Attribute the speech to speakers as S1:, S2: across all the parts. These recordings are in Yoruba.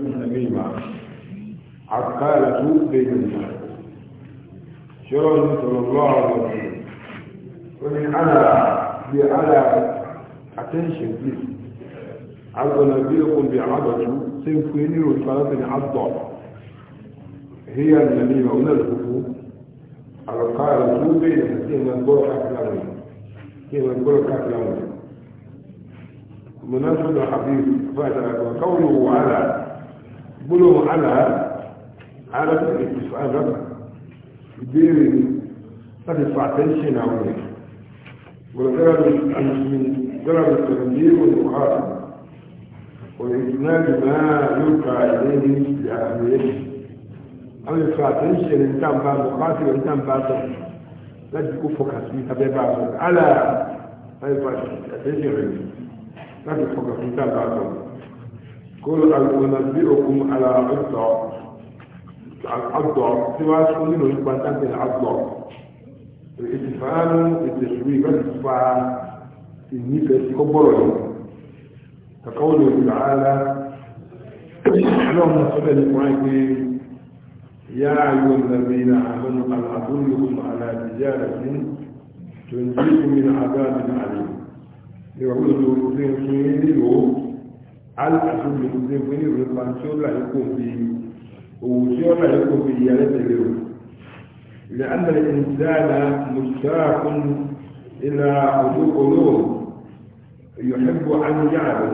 S1: النميمة عقالة بين الناس شرع صلى الله عليه وسلم ومن أنا بأنا attention please عبد نبيكم بعبد سيكوني والصلاة عبد هي النميمة هنا الحقوق القائلة بين هي من بركة الأمر هي من بركة الأمر مناسب الحديث فاتنا قوله على gbólóhùn àlàá ààrẹ tó lè fi fàá lọ́pàá ìbéèrè láti fa àtẹ́ńṣìn àwọn èèyàn gbọ́dọ̀ gbọ́dọ̀ tẹ̀lé bí òun wà وإجماع ما يلقى إليه لأهميته أو الفاتنشن إن كان بعد مقاتل وإن كان بعد لا تكون فوكس في تبع بعض على الفاتنشن لا تكون فوكس إن كان بعد قل أنبئكم على عضة العضة سوى سنين يبقى العضة الإتفان التشويه في النفس كبره كقوله تعالى اللهم صل على القرآن يا أيها الذين آمنوا أن أدلكم على تجارة تنجيكم من عذاب أليم يقول ذو الدين alùpàṣẹ mi ṣe pé ní ìwé pa tí ó là yìí kò fi òwò tí ó là yìí kò fi yàrá tẹ̀lé o lè ànàlẹ̀ ìdáàlà mùsùlùmí ìlà olókòló yòókù àníyàrá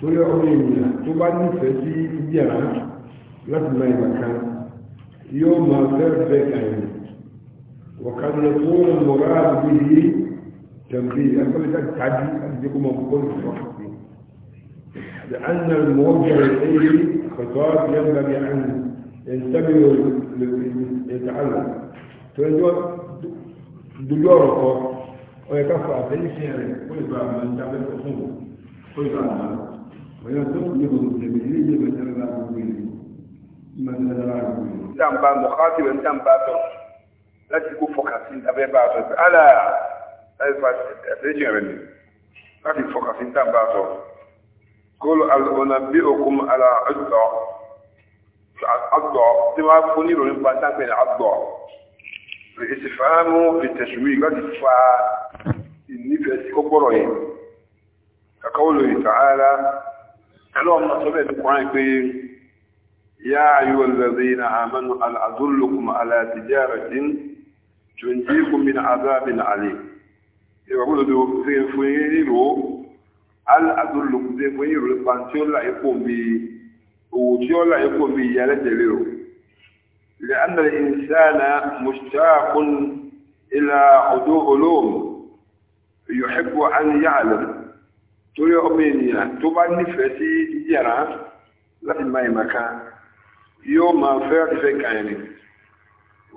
S1: tó yẹ ọmọ ènìyàn tó bá nífẹ̀ẹ́ sí ibi àná láti máa ìgbà kan yóò máa fẹ́ẹ́ fẹ́ kàyìn وقد يكون المراد به تنبيه أقول لك تعدي أنت يكون مبقول في الوقت لأن الموجه إليه خطاب ينبغي أن ينتبه يتعلم فإذا دلوره ويكفى أبني شعره ويبقى من تعمل أصوله ويبقى من وينطق له المسلمين من تنبع من تنبع تنبع مخاطبا تنبع لا تكون فوكاسين تبع بعض على أي فاس أبني شعره لا تكون فوكاسين kóló alùpùpù okùn ala ọ̀dọ̀ ọ̀dọ̀ tí wọ́n á fún ní ìròyìn pa sáfẹ́ ní ọ̀dọ̀ ìsìfàámù ìtẹ̀sùwì láti fa ìnífẹ̀ẹ́ sí kọ́kọ́rọ̀ yẹn kàkọ́ wọ́n lòyìn tààrà ẹlọ́mọ sọ́bẹ̀ ní kọ́rin pé yá ayò lẹ́rẹ́ na àmánu al'adúlùkùn alàtìjára jín jùndíkùn min azábin alẹ́ ìwàkúlòdó fi fún yìí rò aládùúlùkùdé fún yìí rúpa tí ó là ipò mi òwò tí ó là ipò mi ìyá lẹ́tẹ̀lé o ilẹ̀ anàlẹ́ ìsáàlá mùsùlùmí ilà ọdún olóòmù yòóhẹ́pọ̀ àníyá àlọ́ torí ọmọ ènìyàn tó bá nífẹ̀ẹ́ sí yàrá láti máa ìmàká yóò máa fẹ́ ìfẹ́ kàìrì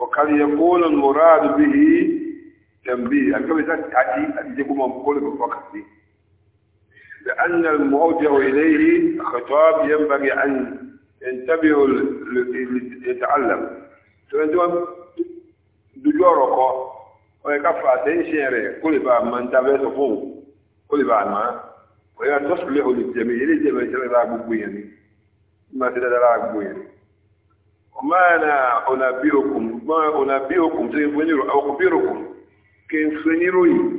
S1: ọ̀kàrí ẹkọ́ lọ́nà mọ̀ráàdù bí i tẹ̀m̀bí àgbẹ̀bẹ̀ àti àti ìjẹ́kùnmọ̀ kólẹ̀kọ̀ọ́kàtí لأن الموجه إليه خطاب ينبغي أن ينتبه ليتعلم سنتم دجورك ويكفى تنشير كل بقى ما انتبهت فوق كل بقى ما وهي تصلح للجميع للجميع تبقى بقويني ما تدرى بقويني وما أنا أنبئكم ما أنبئكم سيفنيرو أخبركم كيف سنيروي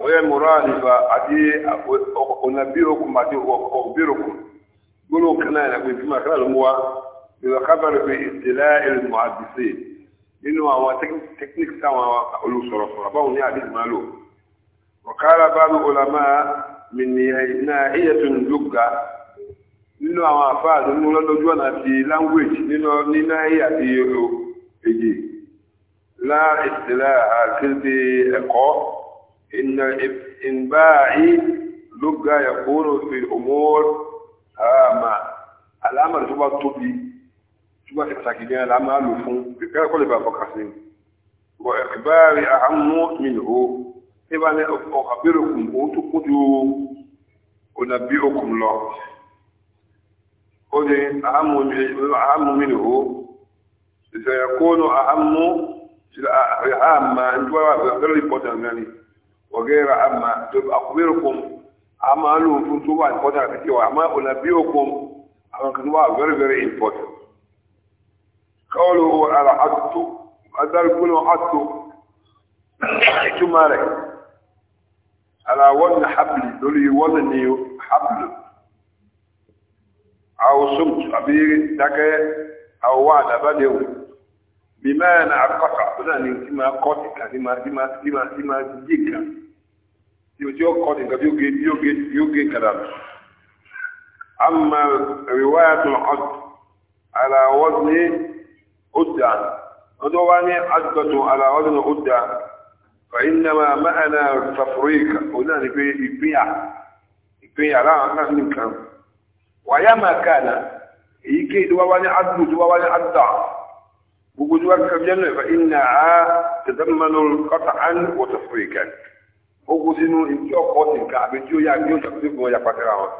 S1: oye muralifa ati onabirokum ati obirokum gbolo kana na pe fima kana lomo wa bila khabar bi istila' al muhaddisin nínú àwọn technique táwọn olùsọ̀rọ̀ báwọn ní àdìs máa lò ọ̀kára báàbù ọ̀làmá mi ní iná ìyẹ̀tù lùgà nínú àwọn ọ̀nà àti إن إنباعي لقى يكون في الأمور هامة الأمر تبقى تبي تبقى تتاكدين الأمر لفون بكرة كل بابا كاسين وإخباري أهم منه إبانا أخبركم وتقدوا أنبئكم الله قولي أهم منه سيكون أهم عامة أنت very important يعني وغير أما أخبركم أما لهم فنتوا important كتير وأما أنبئكم أما كتوا very very important قالوا على عدت أدار كله عدت ثم عليه على وزن حبل دولي وزني حبل أو صمت أبي ذاك أو وعد بدو bìmá na akọ́ta ó náà ní tí máa kọ́ tìka tí máa tí máa tí máa tí máa jí nǹka tí o tí ó kọ́ tìka tí ó gé tí ó gé tí ó gé kàdà lọ. ama riwaya tó ọd ala wọ́n ní ó dà wọ́n tó wá ní àdúgbò tó ala wọ́n ní ó dà fàyínàmà máàna tafurika náà ní pé wàyà máa kà náà èyíkéyìí tó wá wá ní àdúgbò tó wá wá ní àdúgbò. وجود واقع الجنة فإنها تتضمن قطعا وتفريقا وجود إنه إنتي أقوات الكعب إنتي يعني يتقلب ويقطعها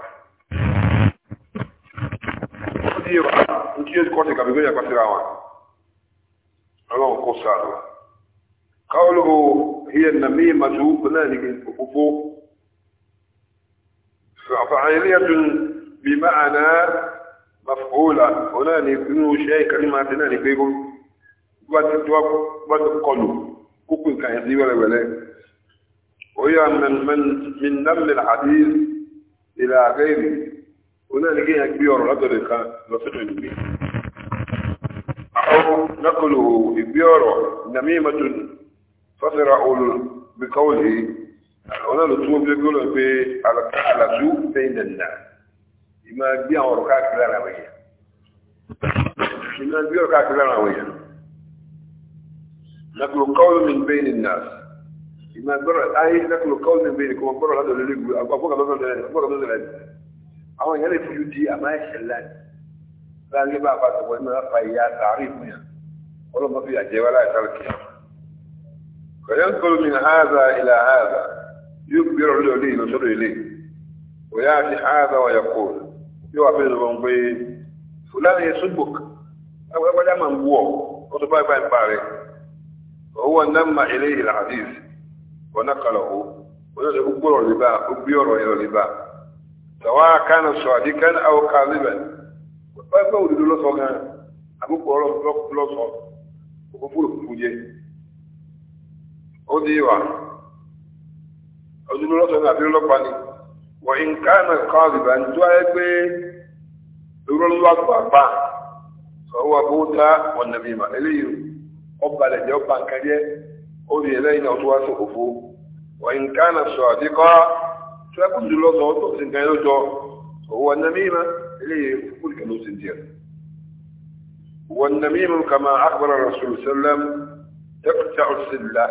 S1: إنتي أقوات الكعب إنتي يقطعها الله قصار قوله هي النميمة بلانك الكفو فعالية بمعنى مفعولة هنا يكون شيء كلمة هنا يقول wọ́n ti kọlù kókò nǹkan yẹn sí wẹ́rẹ́wẹ́rẹ́ oyè mẹ́nàmì àdí ilẹ̀ àgẹ́rì onáni kí yẹn gbé ọ̀rọ̀ látọ̀dọ̀ kan lọ sọ́dọ̀ ìlú mi. àwọn nákòlò ìgbé ọ̀rọ̀ ìdàmí ìmọ̀tò fọ́sẹ̀ra olù bíkọ́wòlì onáni tó wọ́n fi gbọ́dọ̀ pé àlàtú fẹ́yìn dàndà ìmọ̀ gbé àwọn ọ̀rọ̀ káàkiri ọ̀rọ̀ káàkiri àwọn èèyàn نقل قول من بين الناس إما برا أي نقل قول من بينكم برا هذا اللي يقول أبوك هذا اللي أبوك هذا اللي أو يعني في يدي أما يشلان لا نبى بعد وإما فيا تعريف يعني ولا ما في أجي ولا يترك فينقل من هذا إلى هذا يكبر له ليه يصل إليه ويأتي هذا ويقول يوافق المنبي فلان يسبك أو أبدا من بوه وتبقى بقى هو لما إليه الحديث ونقله ويقول الربا وبيور الربا سواء كان صادقا أو كاذبا فهو يقول له صغير أبو قول له صغير وقفوا له فوجه أوديوا أوديوا له صغير أبي له فاني وإن كان كاذبا جاء به يقول له أكبر فهو بوتا والنبي ما إليه ọba lẹ̀jẹ̀ ọba nkẹjẹ́ orí ẹlẹ́yìn náà tó wá sí òfó wọ́n nǹkan náà sọ àdíkọ́ tó ẹkùn jù lọ́sọ̀ tó sì nǹkan yóò jọ òwò nàmímà eléyìí fúkúrú kan ló sì díẹ̀ òwò nàmímà kama akbar rasul sallam tẹ́kùtà òsìlá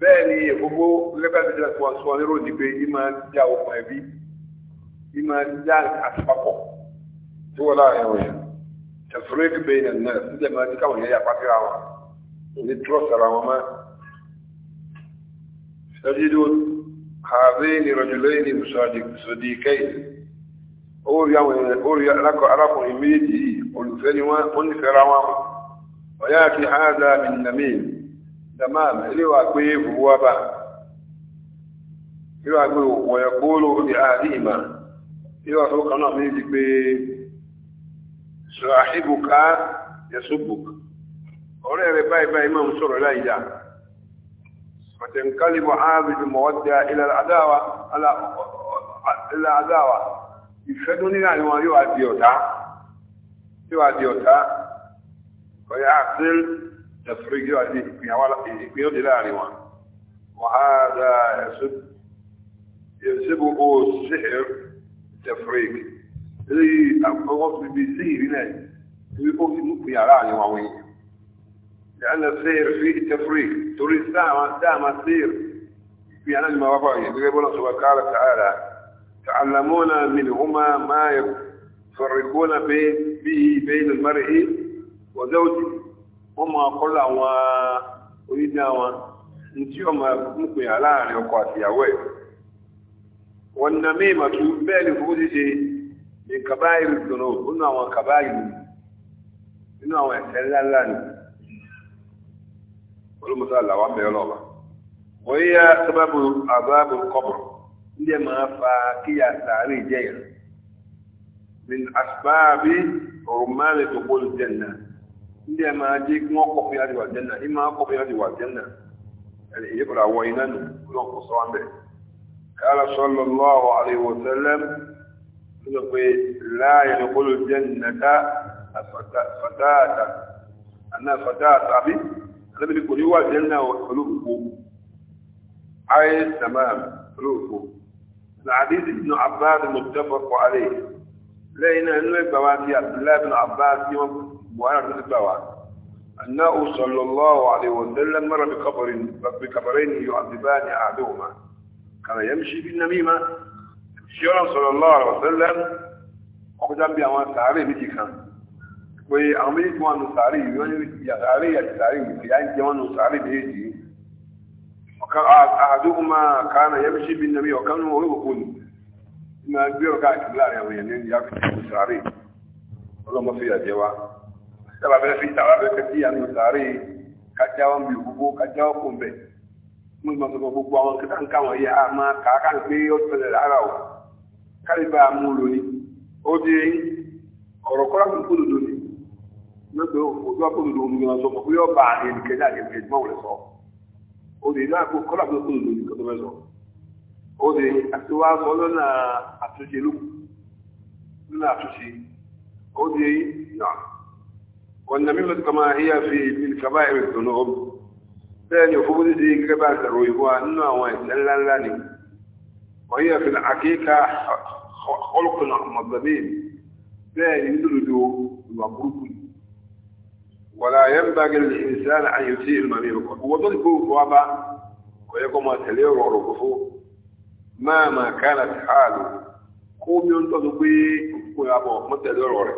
S1: bẹ́ẹ̀ ni gbogbo lẹ́gbẹ́ àti ìjọba tó wá sọ nírò ní pé ìmọ̀ já okùn ẹbí ìmọ̀ já àtìpapọ̀ tó wọ́n láàrin òyìn tẹ̀sùrẹ́kì bẹ́ẹ̀ nà náà sílẹ̀ máa ní káwọn yẹn yà pàtẹ́ra wọn ní trọ́sì ara wọn máa ṣẹ́jídó ààrẹ ní rọ̀jùlẹ́ ní sọ̀dí kẹ́ì orí arákùnrin méjì olùfẹ́ ni wọ́n nífẹ́ ra wọn ọ̀yá àti àádá mìnàmì damam iléwà pé buwa ba iléwà pé wọ̀yẹ̀ kóòlò ní ààrí ìmá iléwà tó kanáà méjì pé sọ̀rọ̀ àṣíbùká yẹ̀sùbùká ọ̀rẹ́ rẹ̀ báyìí báyìí máa ń sọ̀rọ̀ láì dáa فتنقلب عابد المودع الى العداوه على الى العداوه يفدون يعني ما يؤدي يؤدى يؤدي يؤدى ويعقل تفريق يؤدي يؤدي لا عنوان وهذا يسب يسبه السحر التفريق اللي أقصد بسير هنا يقول ممكن يرى عنوان لأن السير فيه تفريق تريد دعم دعم السير في أنجم وفاقه يقولون سبحانه تعالى تعلمون منهما ما يفرقون بين به بين المرء وزوجه وما قل وإذا nti ọmọ nkùnyà láàrin ọkọ àtìyàwó ẹ̀ wọn na mímà tó bẹ́ẹ̀ ni fún ṣíṣe ní kàbáyìí dùnú nínú àwọn olùmọ̀tà làwọn abẹ́yọ́ lọ́wọ́ wọ́n yá sábàbù àbábù kọ́bùrù ndé máa fa kíyà sàárè jẹ́yà min asbaabi rumaani tukul janna ndé máa jẹ́ kí wọ́n kọ́ fún yàrá janna ima kọ́ fún yàrá ìwà janna ẹni ìyẹ́ kọ́ra wọ iná nù ló ń kala sallallahu alayhi wa sallam fatata fatata alábìnrin kò ní wà jẹ́ náà olóòkú ayé tamam olóòkú làdíìsì ibn abbas muttafaq alayh lẹ́yìn náà inú ẹgbà wa ti abdullahi ibn abbas tí wọ́n buhari àti gbà wá annahu sallallahu alayhi wa sallam mara bi kabarin bi kabarin yu'adhibani ahaduhuma kana yamshi bin namima sallallahu alayhi wa sallam ọkọjá ń bí àwọn sàárè méjì kan pé àwọn méjèèjì wọn nù sàárè yìí wọn sàárè àti a yìí fi àìjẹ wọn nù ka na ọ̀kan àdókùn máa kàánà yẹ́bí sí bí nàbí ọ̀kan nù olóòkó nù máa gbé ọ̀gá àti láàrin àwọn èèyàn ní yàtọ̀ nù ọlọ́mọ fi fi a a lọ́gbẹ̀ẹ́ òjò akólòdò omi gan sọ pé ọba ẹnì kẹjá àgbẹ̀mí ẹ̀dùnmọ́ òun sọ òde náà kó kọ́lá bí akólòdò omi kan tó fẹ́ sọ òde àti wá sọ lọ́nà àtúnṣe lókù lọ́nà àtúnṣe òde yà wọn nàmí lọ́dún kama ìyá fi ìlú kaba ẹ̀rẹ̀ tó náà ọ̀bù bẹ́ẹ̀ ni òfófó ti di gẹ́gẹ́ bá sẹ̀rọ ìbò nínú àwọn ìṣẹ́ ńlá ńlá ni wọ́n yẹ fi àkéka ọlọ́kùnrin ọmọgbẹ̀mí ولا ينبغي للإنسان أن يطيع المريض وضل كوبا ويقوم تلير ما ما كانت حاله قوم ينتظر به ويابا متى دور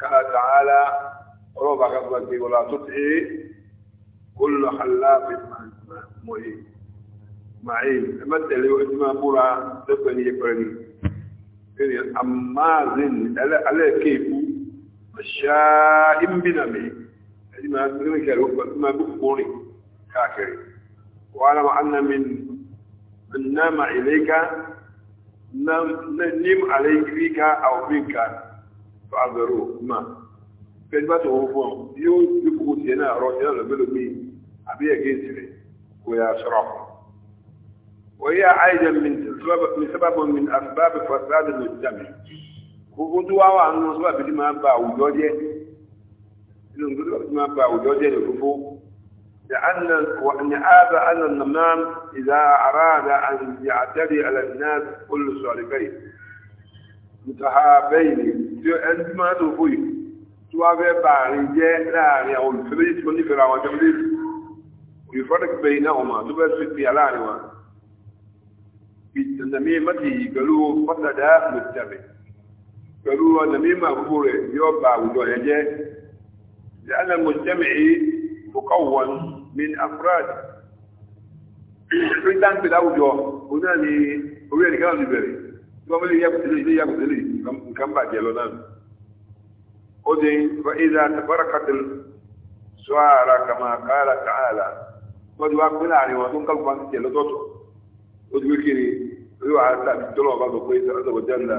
S1: قال تعالى ربع قبلك ولا تطع كل حلاف مهين معين متى لي ما برا تبني يبرني زين على كيف ṣáà ìmbìnàmì ẹni máa gbé kẹrù máa gbé kúrin káàkiri wàhálà máa ń nàmi nàmà ìlẹ́ka nìm àlẹ́kìríkà àwòfínkà tó àgbẹ̀rù mà pẹ̀lú bá tó wọ́n fún ọ yóò gbé kókó tiẹ̀ náà rọ tiẹ̀ náà lọ́gbẹ́lẹ́ mi من سبب من أسباب فساد المجتمع gbogbo tó wá wà nínú sọ́bàbí tí máa ba àwùjọ jẹ́ nínú sọ́bàbí tí máa ba àwùjọ jẹ́ ní gbogbo ni ààbà àna nàmàm ìdá àràdà àti àtẹ́rì àlàmìnà olùsọ̀rẹ̀bẹ̀ mùtàhàbẹ̀ ìlú tí ó ẹni tí máa tó fò yìí tí wọ́n fẹ́ bá àárín jẹ́ láàrin àwọn olùfẹ́lẹ́ tí wọ́n nífẹ̀ẹ́ àwọn jẹ́mọ́lẹ́ olùfọ́dẹ̀kẹ́bẹ̀ iná ọmọ tó fẹ́ fi pìyà láàrin wọn ìtànàmí pẹ̀lú ọ̀nà mímọ̀ àkókò rẹ̀ yóò bá àwùjọ rẹ̀ jẹ́ lẹ́nà mọ̀jẹ́mìí mọ̀kọ̀wọ̀n min afrad ríndán pẹ̀lú àwùjọ oná ni orí ẹ̀nìkan náà ti bẹ̀rẹ̀ tí wọ́n mẹ́lẹ̀ yàgùtẹ̀lẹ̀ ilé yàgùtẹ̀lẹ̀ nǹkan bàjẹ́ lọ náà ó di fa ìdá tabarakatil sọ́ara wọn tó ń kálukú wọn ti tẹ̀ lọ́tọ̀ọ̀tọ̀ ó ti wé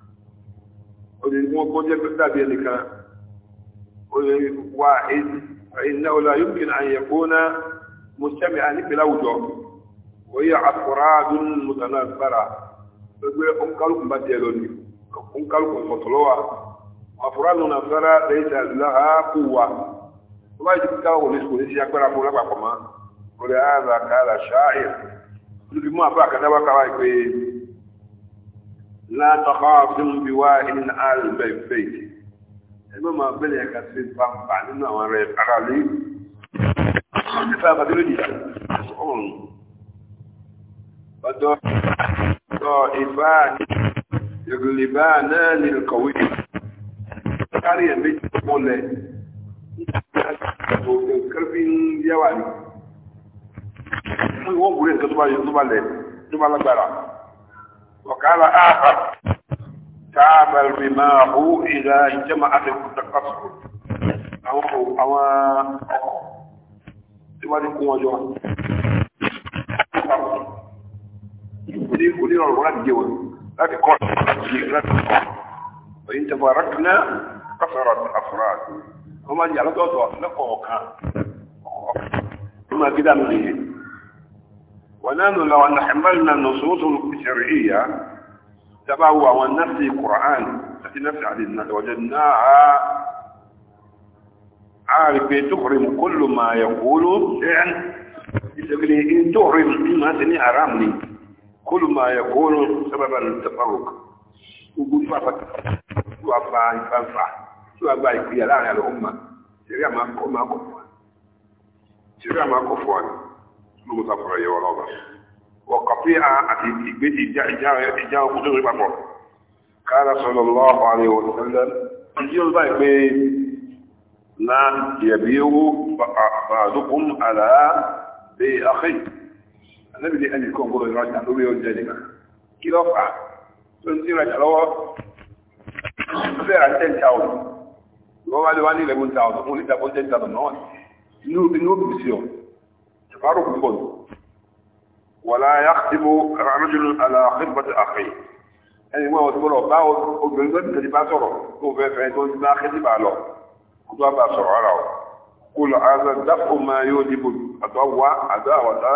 S1: olè wọn kọ́ jẹ́ dàbí ẹnìkan olè wà iná ọlá yóò kí náà yẹ kó ná mùsùlùmí àníkìlá àwùjọ wọ́n yẹ àkùrá dún mùsùlùmí àgbára gbogbo ọkàlùkùn bá tiẹ̀ lónìí ọkàlùkùn sọ̀tọ̀lọ́wà àkùrá dún àgbára lẹ́yìn tí a lè ha kú wa wọ́n bá yẹ kí káwọn wọlé sọ̀rọ̀ sí agbára fún lápapọ̀ mọ́ olè ààrẹ àkàlà ṣáà لا تخافوا بواء آل البيت المهم ربنا يكفي فهم بعدنا ورقالي فبدلوا دي يسعون طائفان يغلبان للقوي قرية بيت مولى كرفين يوالي wọ́n gúrẹ́ ìtọ́ tó bá lẹ̀ tó bá lágbára وقال آخر تعامل رماه إذا جمعت التقصر أو أو ìwádìí ọjọ́ ní onírọ̀rùn láti jẹ́ wọn láti kọ́ láti kọ́ ọ̀yìn tẹ́fọ́ arákùnrin kọ́sọ̀rọ̀ àfúrà wọ́n máa ń yà lọ́tọ̀ọ̀tọ̀ lẹ́kọ̀ọ́ kan ọkọ̀ ọmọ gídà mi nìyẹn ونحن لو أن حملنا النصوص الشرعية تبعوا عن القرآن في نفس علينا وجدناها عارف تحرم كل ما يقول شيئا إن تحرم بما تني حرامني كل ما يقول سببا للتفرق وقل فافت وأبا يفنفع وأبا يكوي الآن الأمة شريعة ما كفوان شريعة ما كفوان ló mú sàkọrọ yẹ wọn ọba wọn kọfí à àti ìgbé ìjà ìjà ìjà òkúté orí papọ̀ kára sọ̀rọ̀ lọ́wọ́ àrẹ òṣèlú yóò bá ìpè na yẹ̀bí owó bàdókùn àlá bí àkẹ́yì anábìlẹ̀ ẹnì kan gbọ́dọ̀ ìrajà lórí oúnjẹ nìkan kí ló fà tó ń tí ìrajà lọ́wọ́ fẹ́ra ten thousand wọ́n wá lé فاروق بن ولا يختم رجل على خطبة أخيه ẹni wọ́n wọ́n ti gbọ́dọ̀ bá obìnrin tó ti tẹ̀lé bá sọ̀rọ̀ tó fẹ́ fẹ́ tó ń bá kẹ́tì bá lọ kó tó bá sọ̀rọ̀ ara o kó lọ àgbà dápò máa yóò dìbò àtọ́ wá àdó àwọ̀dá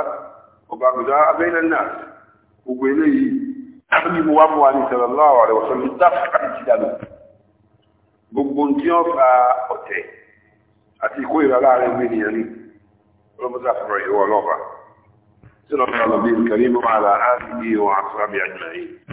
S1: ọba àgbàdá abẹ́lẹ̀ náà gbogbo eléyìí ní mo wa ní sọ̀rọ̀ lọ́wọ́ rẹ̀ wọ́n sọ ní dápò àti gbogbo tí wọ́n fa ọ̀tẹ̀ àti ìkó ìrọ̀lá rẹ̀ gbé nìyẹn ni ومزاحمه ولغة سنة الله الكريم وعلى آله وأصحابه أجمعين